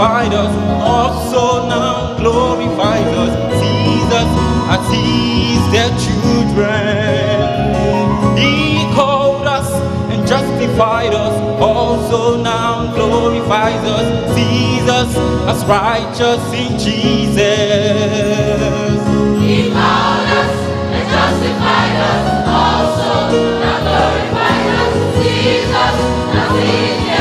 crucified us, also now glorifies us. Jesus as sees their children. He called us and justified us, also now glorifies us. Sees us as righteous in Jesus. He called us and justified us, also now glorifies us. Sees us as righteous.